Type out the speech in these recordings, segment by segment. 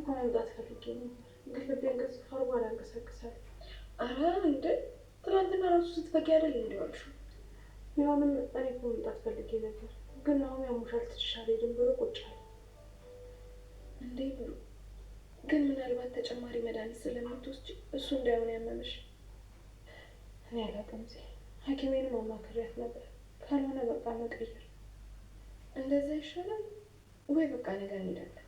እኮ መምጣት ፈልጌ ነው፣ ግን ልቤ እንቅስፍ አድርጎ አላንቀሳቅሳለሁ። ኧረ እንደ ትናንትና እራሱ ስትፈጊ አይደል እንዲዋልሹ ቢሆንም እኔ እኮ መምጣት ፈልጌ ነበር፣ ግን አሁን ያሙሻል ትችሻለ ድን ብሎ ቁጭ አለ። እንዴት ነው ግን ምናልባት ተጨማሪ መድኃኒት ስለምትወስጂ እሱ እንዳይሆን ያመመሽ? እኔ አላውቅም። እዚህ ሐኪሜንም አማክሬያት ነበር። ካልሆነ በቃ መቀየር እንደዛ ይሻላል ወይ በቃ ነገር እንሄዳለን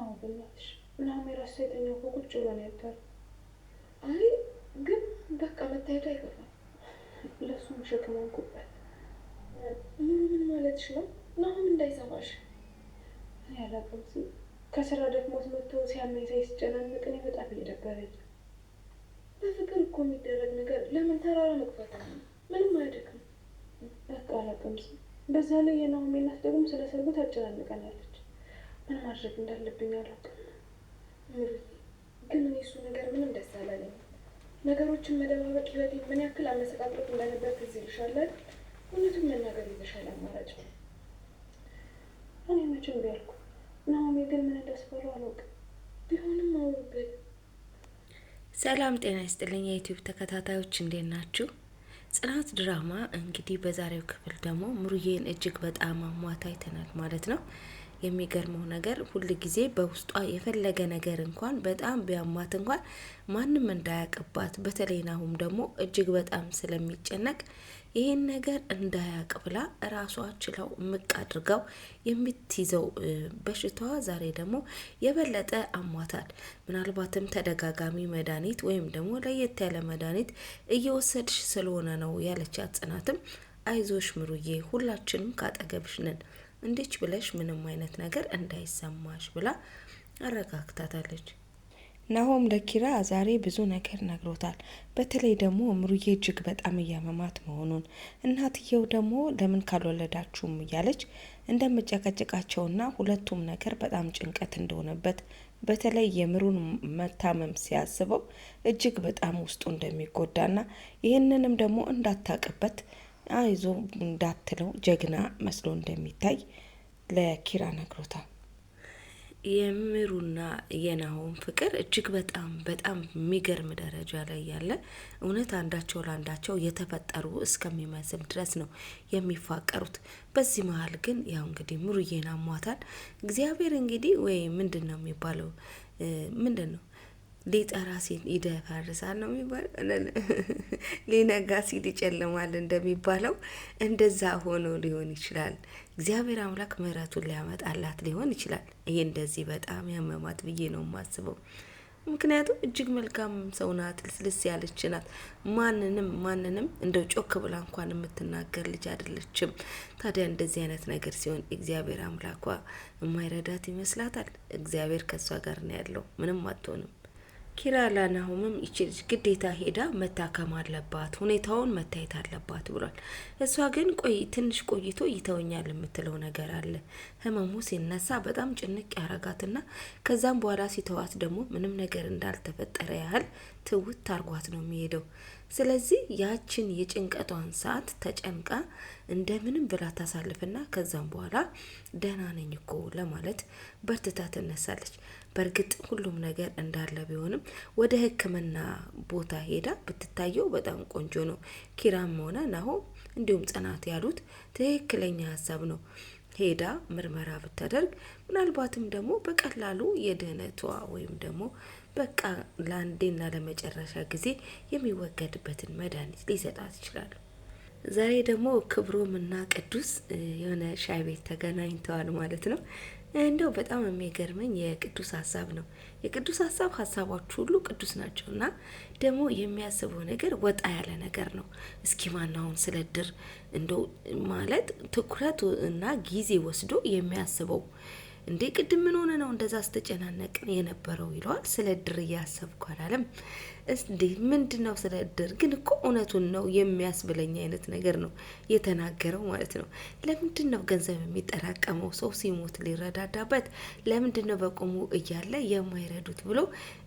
አዎ በእናትሽ ለሀሜ ራሱ የተኛ እኮ ቁጭ ብሎ ነው ያደረው። አይ ግን በቃ መታየቱ አይከፋም። ለሱም ሸክም ሆንኩበት። ምን ምን ማለትሽ ነው? ናሁም እንዳይሰማሽ እኔ ሲ ከስራ ደክሞት መጥቶ ሲያመኝ ሳይ ሲጨናነቅ እኔ በጣም እየደበረኝ። በፍቅር እኮ የሚደረግ ነገር ለምን ተራራ መግፋት ምንም አያደክም። በቃ አላውቅም። ሲ በዛ ላይ የናሁሜ እናት ደግሞ ስለ ሰርጉ ታጨናንቀናለች። ምን ማድረግ እንዳለብኝ አላውቅም። ግን እኔ እሱ ነገር ምንም ደስ አላለኝ። ነገሮችን መደባበቅ ህይወቴ ምን ያክል አመሰቃቅሎት እንደነበር ትዝ ይልሻል። እውነቱን መናገር የተሻለ አማራጭ ነው። እኔ መቼም ቢያልኩ ናሆሜ ግን ምን እንዳስባለው አላውቅም። ቢሆንም አውሩበት። ሰላም ጤና ይስጥልኝ የዩቲዩብ ተከታታዮች እንዴት ናችሁ? ጽናት ድራማ እንግዲህ በዛሬው ክፍል ደግሞ ሙሩዬን እጅግ በጣም አሟት አይተናል ማለት ነው። የሚገርመው ነገር ሁል ጊዜ በውስጧ የፈለገ ነገር እንኳን በጣም ቢያማት እንኳን ማንም እንዳያቅባት፣ በተለይ ናሁም ደግሞ እጅግ በጣም ስለሚጨነቅ ይህን ነገር እንዳያቅ ብላ ራሷ ችለው ምቅ አድርገው የምትይዘው በሽታዋ ዛሬ ደግሞ የበለጠ አሟታል። ምናልባትም ተደጋጋሚ መድኃኒት ወይም ደግሞ ለየት ያለ መድኃኒት እየወሰድሽ ስለሆነ ነው ያለቻት ጽናትም አይዞሽ ምሩዬ ሁላችንም ካጠገብሽ ነን እንዲች ብለሽ ምንም አይነት ነገር እንዳይሰማሽ ብላ አረጋግታታለች። ናሆም ለኪራ ዛሬ ብዙ ነገር ነግሮታል። በተለይ ደግሞ እምሩዬ እጅግ በጣም እያመማት መሆኑን እናትየው ደግሞ ለምን ካልወለዳችሁም እያለች እንደምጨቀጭቃቸውና ሁለቱም ነገር በጣም ጭንቀት እንደሆነበት በተለይ የምሩን መታመም ሲያስበው እጅግ በጣም ውስጡ እንደሚጎዳና ይህንንም ደግሞ እንዳታቅበት አይዞ እንዳትለው ጀግና መስሎ እንደሚታይ ለኪራ ነግሮታል። የምሩና የናሆም ፍቅር እጅግ በጣም በጣም የሚገርም ደረጃ ላይ ያለ እውነት አንዳቸው ለአንዳቸው የተፈጠሩ እስከሚመስል ድረስ ነው የሚፋቀሩት። በዚህ መሀል ግን ያው እንግዲህ ምሩዬን አሟታል። እግዚአብሔር እንግዲህ ወይ ምንድን ነው የሚባለው? ምንድን ነው ሊጠራ ሲል ይደፈርሳል ነው የሚባለው፣ ሊነጋ ሲል ይጨልማል እንደሚባለው እንደዛ ሆኖ ሊሆን ይችላል። እግዚአብሔር አምላክ ምሕረቱን ሊያመጣላት ሊሆን ይችላል። ይሄ እንደዚህ በጣም ያመማት ብዬ ነው የማስበው። ምክንያቱም እጅግ መልካም ሰው ናት፣ ልስልስ ያለች ናት። ማንንም ማንንም እንደው ጮክ ብላ እንኳን የምትናገር ልጅ አይደለችም። ታዲያ እንደዚህ አይነት ነገር ሲሆን እግዚአብሔር አምላኳ የማይረዳት ይመስላታል። እግዚአብሔር ከእሷ ጋር ነው ያለው፣ ምንም አትሆንም። ኪራላ ላናሁምም ይቺ ልጅ ግዴታ ሄዳ መታከም አለባት፣ ሁኔታውን መታየት አለባት ብሏል። እሷ ግን ቆይ ትንሽ ቆይቶ ይተውኛል የምትለው ነገር አለ። ህመሙ ሲነሳ በጣም ጭንቅ ያረጋትና ከዛም በኋላ ሲተዋት ደግሞ ምንም ነገር እንዳልተፈጠረ ያህል ትውት ታርጓት ነው የሚሄደው። ስለዚህ ያችን የጭንቀቷን ሰዓት ተጨንቃ እንደምንም ብላ ታሳልፍና ከዛም በኋላ ደህና ነኝ እኮ ለማለት በርትታ ትነሳለች። በእርግጥ ሁሉም ነገር እንዳለ ቢሆንም ወደ ሕክምና ቦታ ሄዳ ብትታየው በጣም ቆንጆ ነው። ኪራም ሆነ ናሆ እንዲሁም ጽናት ያሉት ትክክለኛ ሀሳብ ነው። ሄዳ ምርመራ ብታደርግ ምናልባትም ደግሞ በቀላሉ የድህነቷ ወይም ደግሞ በቃ ለአንዴና ለመጨረሻ ጊዜ የሚወገድበትን መድኃኒት ሊሰጣት ይችላሉ። ዛሬ ደግሞ ክብሮም እና ቅዱስ የሆነ ሻይ ቤት ተገናኝተዋል ማለት ነው። እንደው በጣም የሚገርመኝ የቅዱስ ሀሳብ ነው። የቅዱስ ሀሳብ ሀሳቦች ሁሉ ቅዱስ ናቸው እና ደግሞ የሚያስበው ነገር ወጣ ያለ ነገር ነው። እስኪ ማናውን ስለ ድር እንደው ማለት ትኩረት እና ጊዜ ወስዶ የሚያስበው እንዴ ቅድም ምን ሆነ ነው እንደዛ ስተጨናነቅን የነበረው ይለዋል። ስለ እድር እያሰብኩ አላለም እንዴ? ምንድን ነው ስለ እድር ግን እኮ እውነቱን ነው የሚያስብለኝ አይነት ነገር ነው የተናገረው ማለት ነው። ለምንድን ነው ገንዘብ የሚጠራቀመው ሰው ሲሞት ሊረዳዳበት? ለምንድን ነው በቆሙ እያለ የማይረዱት ብሎ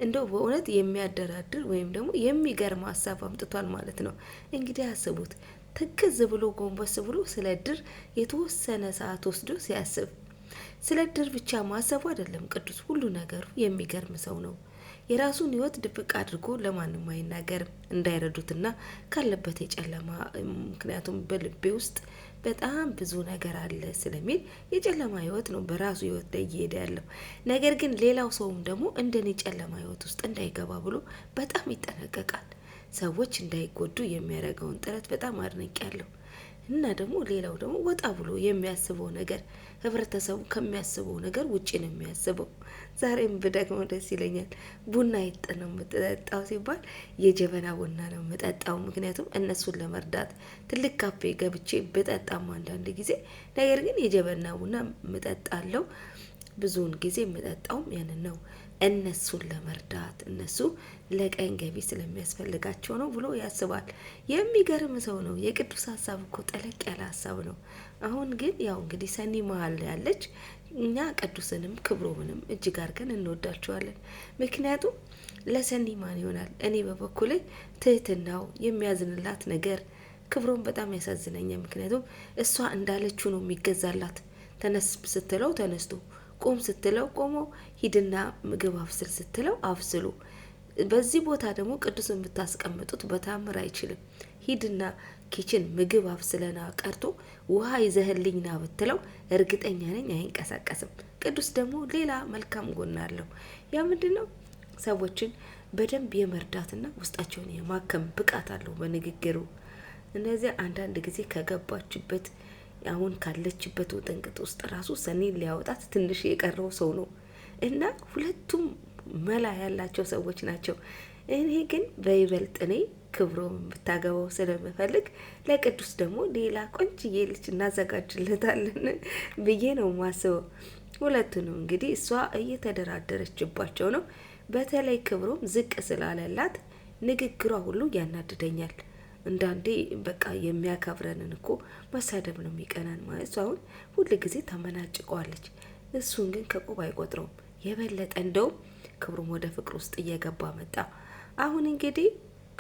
እንደው በእውነት የሚያደራድር ወይም ደግሞ የሚገርም ሀሳብ አምጥቷል ማለት ነው። እንግዲህ አስቡት ትክዝ ብሎ ጎንበስ ብሎ ስለ እድር የተወሰነ ሰዓት ወስዶ ሲያስብ ስለ እድር ብቻ ማሰቡ አይደለም ቅዱስ፣ ሁሉ ነገሩ የሚገርም ሰው ነው። የራሱን ህይወት ድብቅ አድርጎ ለማንም አይናገርም እንዳይረዱትና ካለበት የጨለማ ምክንያቱም በልቤ ውስጥ በጣም ብዙ ነገር አለ ስለሚል የጨለማ ህይወት ነው በራሱ ህይወት ላይ እየሄደ ያለው። ነገር ግን ሌላው ሰውም ደግሞ እንደኔ ጨለማ ህይወት ውስጥ እንዳይገባ ብሎ በጣም ይጠነቀቃል። ሰዎች እንዳይጎዱ የሚያደርገውን ጥረት በጣም ያለው። እና ደግሞ ሌላው ደግሞ ወጣ ብሎ የሚያስበው ነገር ህብረተሰቡ ከሚያስበው ነገር ውጭ ነው የሚያስበው። ዛሬም ብደግመው ደስ ይለኛል። ቡና ይጥ ነው የምጠጣው ሲባል የጀበና ቡና ነው የምጠጣው፣ ምክንያቱም እነሱን ለመርዳት ትልቅ ካፌ ገብቼ ብጠጣም አንዳንድ ጊዜ ነገር ግን የጀበና ቡና ምጠጣለው። ብዙውን ጊዜ የምጠጣውም ያንን ነው። እነሱን ለመርዳት እነሱ ለቀን ገቢ ስለሚያስፈልጋቸው ነው ብሎ ያስባል። የሚገርም ሰው ነው። የቅዱስ ሀሳብ እኮ ጠለቅ ያለ ሀሳብ ነው። አሁን ግን ያው እንግዲህ ሰኒ መሀል ያለች እኛ ቅዱስንም ክብሮምንም እጅግ አድርገን እንወዳቸዋለን። ምክንያቱም ለሰኒ ማን ይሆናል? እኔ በበኩሌ ትህትናው የሚያዝንላት ነገር ክብሮም በጣም ያሳዝነኛል። ምክንያቱም እሷ እንዳለችው ነው የሚገዛላት። ተነስ ስትለው ተነስቶ ቁም ስትለው ቆሞ፣ ሂድና ምግብ አፍስል ስትለው አፍስሉ። በዚህ ቦታ ደግሞ ቅዱስን ብታስቀምጡት በታምር አይችልም። ሂድና ኪችን ምግብ አብስለና ቀርቶ ውሃ ይዘህልኝና ብትለው እርግጠኛ ነኝ አይንቀሳቀስም። ቅዱስ ደግሞ ሌላ መልካም ጎና አለው። ያ ምንድን ነው? ሰዎችን በደንብ የመርዳትና ውስጣቸውን የማከም ብቃት አለው በንግግሩ። እነዚያ አንዳንድ ጊዜ ከገባችበት አሁን ካለችበት ውጥንቅጥ ውስጥ ራሱ ሰኔን ሊያወጣት ትንሽ የቀረው ሰው ነው እና ሁለቱም መላ ያላቸው ሰዎች ናቸው። እኔ ግን በይበልጥ እኔ ክብሮም ብታገባው ስለምፈልግ ለቅዱስ ደግሞ ሌላ ቆንጅዬ ልጅ እናዘጋጅለታለን ብዬ ነው ማስበው። ሁለቱንም እንግዲህ እሷ እየተደራደረችባቸው ነው። በተለይ ክብሮም ዝቅ ስላለላት ንግግሯ ሁሉ ያናድደኛል። እንዳንዴ በቃ የሚያከብረንን እኮ መሳደብ ነው የሚቀናን። ማለት አሁን ሁል ጊዜ ተመናጭቀዋለች። እሱን ግን ከቁብ አይቆጥረውም። የበለጠ እንደውም ክብሮም ወደ ፍቅር ውስጥ እየገባ መጣ። አሁን እንግዲህ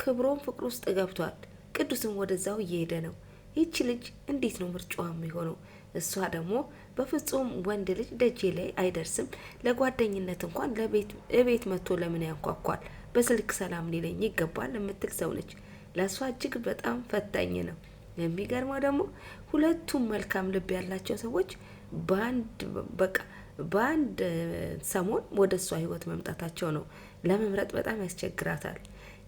ክብሮም ፍቅር ውስጥ ገብቷል። ቅዱስም ወደዛው እየሄደ ነው። ይቺ ልጅ እንዴት ነው ምርጫዋ የሚሆነው? እሷ ደግሞ በፍጹም ወንድ ልጅ ደጄ ላይ አይደርስም፣ ለጓደኝነት እንኳን ለቤት መጥቶ ለምን ያንኳኳል? በስልክ ሰላም ሊለኝ ይገባል የምትል ሰው ነች። ለእሷ እጅግ በጣም ፈታኝ ነው። የሚገርመው ደግሞ ሁለቱም መልካም ልብ ያላቸው ሰዎች በአንድ በቃ በአንድ ሰሞን ወደ እሷ ህይወት መምጣታቸው ነው ለመምረጥ በጣም ያስቸግራታል።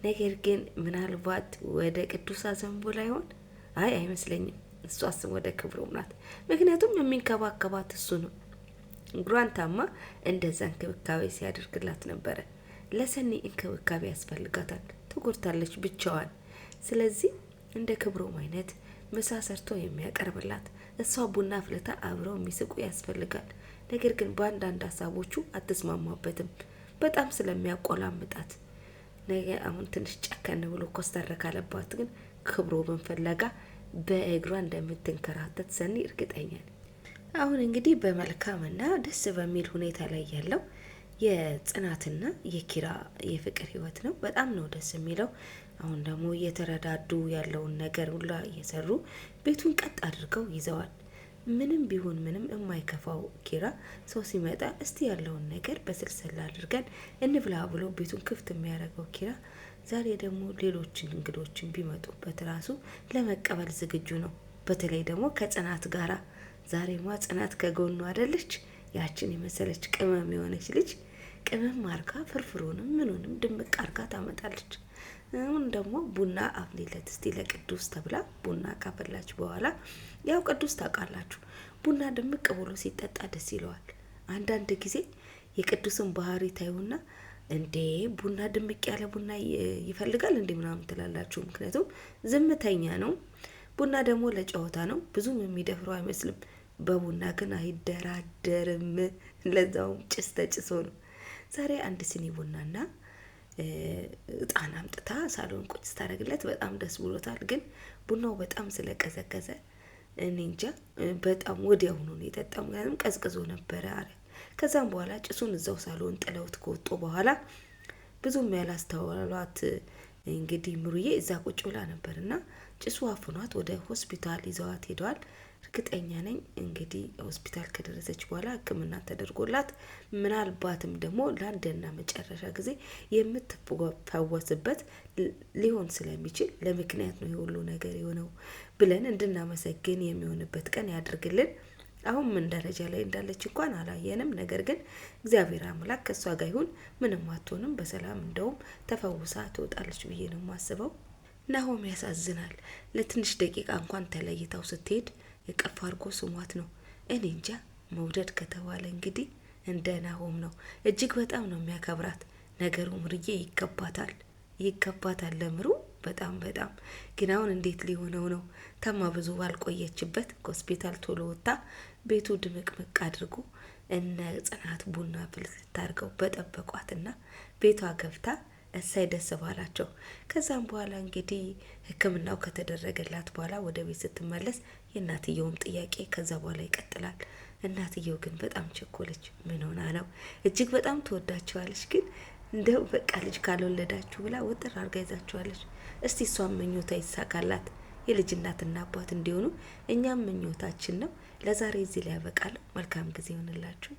ነገር ግን ምናልባት ወደ ቅዱስ አዘንቦ ላይሆን አይ አይመስለኝም። እሷ ስም ወደ ክብሮም ናት። ምክንያቱም የሚንከባከባት እሱ ነው። እግሯን ታማ እንደዛ እንክብካቤ ሲያደርግላት ነበረ። ለሰኒ እንክብካቤ ያስፈልጋታል። ተጎድታለች ብቻዋን ስለዚህ እንደ ክብሮም አይነት ምሳ ሰርቶ የሚያቀርብላት እሷ ቡና ፍልታ አብረው የሚስቁ ያስፈልጋል። ነገር ግን በአንዳንድ ሀሳቦቹ አትስማማበትም በጣም ስለሚያቆላምጣት። ነገ አሁን ትንሽ ጨከን ብሎ ኮስተር ካለባት ግን ክብሮምን ፍለጋ በእግሯ እንደምትንከራተት ሰኒ እርግጠኛ ነኝ። አሁን እንግዲህ በመልካምና ደስ በሚል ሁኔታ ላይ ያለው የጽናትና የኪራ የፍቅር ህይወት ነው። በጣም ነው ደስ የሚለው። አሁን ደግሞ እየተረዳዱ ያለውን ነገር ሁላ እየሰሩ ቤቱን ቀጥ አድርገው ይዘዋል። ምንም ቢሆን ምንም የማይከፋው ኪራ ሰው ሲመጣ እስቲ ያለውን ነገር በስልሰላ አድርገን እንብላ ብሎ ቤቱን ክፍት የሚያደርገው ኪራ ዛሬ ደግሞ ሌሎችን እንግዶችን ቢመጡበት ራሱ ለመቀበል ዝግጁ ነው። በተለይ ደግሞ ከጽናት ጋራ ዛሬማ ጽናት ከጎኑ አደለች። ያችን የመሰለች ቅመም የሆነች ልጅ ቅመም አርጋ ፍርፍሩንም ምኑንም ድምቅ አርጋ ታመጣለች። አሁን ደግሞ ቡና አፍሊለት እስቲ ለቅዱስ ተብላ ቡና ካፈላች በኋላ ያው ቅዱስ ታውቃላችሁ፣ ቡና ድምቅ ብሎ ሲጠጣ ደስ ይለዋል። አንዳንድ ጊዜ የቅዱስን ባህሪ ታዩና እንዴ ቡና ድምቅ ያለ ቡና ይፈልጋል እንዴ ምናምን ትላላችሁ። ምክንያቱም ዝምተኛ ነው። ቡና ደግሞ ለጨዋታ ነው፣ ብዙም የሚደፍረው አይመስልም። በቡና ግን አይደራደርም። ለዛውም ጭስ ተጭሶ ነው። ዛሬ አንድ ስኒ ቡናና እጣን አምጥታ ሳሎን ቁጭ ስታደርግለት በጣም ደስ ብሎታል። ግን ቡናው በጣም ስለቀዘቀዘ እኔ እንጃ በጣም ወዲያውኑ ነው የጠጣው። ምክንያቱም ቀዝቅዞ ነበረ አለ። ከዛም በኋላ ጭሱን እዛው ሳሎን ጥለውት ከወጡ በኋላ ብዙም ያላስተዋሏት እንግዲህ ምሩዬ እዛ ቁጭ ብላ ነበር እና ጭሱ አፍኗት ወደ ሆስፒታል ይዘዋት ሄደዋል። እርግጠኛ ነኝ እንግዲህ ሆስፒታል ከደረሰች በኋላ ሕክምና ተደርጎላት ምናልባትም ደግሞ ለአንድና መጨረሻ ጊዜ የምትፈወስበት ሊሆን ስለሚችል ለምክንያት ነው የሁሉ ነገር የሆነው ብለን እንድናመሰግን የሚሆንበት ቀን ያድርግልን። አሁን ምን ደረጃ ላይ እንዳለች እንኳን አላየንም። ነገር ግን እግዚአብሔር አምላክ ከእሷ ጋር ይሁን፣ ምንም አትሆንም። በሰላም እንደውም ተፈውሳ ትወጣለች ብዬ ነው የማስበው። ናሆም ያሳዝናል። ለትንሽ ደቂቃ እንኳን ተለይታው ስትሄድ የቀፍ አድርጎ ስሟት ነው። እኔ እንጃ መውደድ ከተባለ እንግዲህ እንደ ናሆም ነው። እጅግ በጣም ነው የሚያከብራት። ነገሩ ምርዬ ይገባታል፣ ይገባታል ለምሩ በጣም በጣም ግን አሁን እንዴት ሊሆነው ነው? ተማ ብዙ ባልቆየችበት ሆስፒታል ቶሎ ወጥታ ቤቱ ድምቅምቅ አድርጎ እነ ጽናት ቡና ፍልት ልታርገው በጠበቋትና ቤቷ ገብታ እሳይ ደስ ባላቸው። ከዛም በኋላ እንግዲህ ሕክምናው ከተደረገላት በኋላ ወደ ቤት ስትመለስ የእናትየውም ጥያቄ ከዛ በኋላ ይቀጥላል። እናትየው ግን በጣም ቸኮለች። ምን ሆና ነው? እጅግ በጣም ትወዳቸዋለች፣ ግን እንደው በቃ ልጅ ካልወለዳችሁ ብላ ወጥር አርጋ ይዛቸዋለች። እስቲ እሷም ምኞታ ይሳካላት፣ የልጅ እናትና አባት እንዲሆኑ እኛም ምኞታችን ነው። ለዛሬ እዚህ ላይ ያበቃለሁ። መልካም ጊዜ ይሆንላችሁ።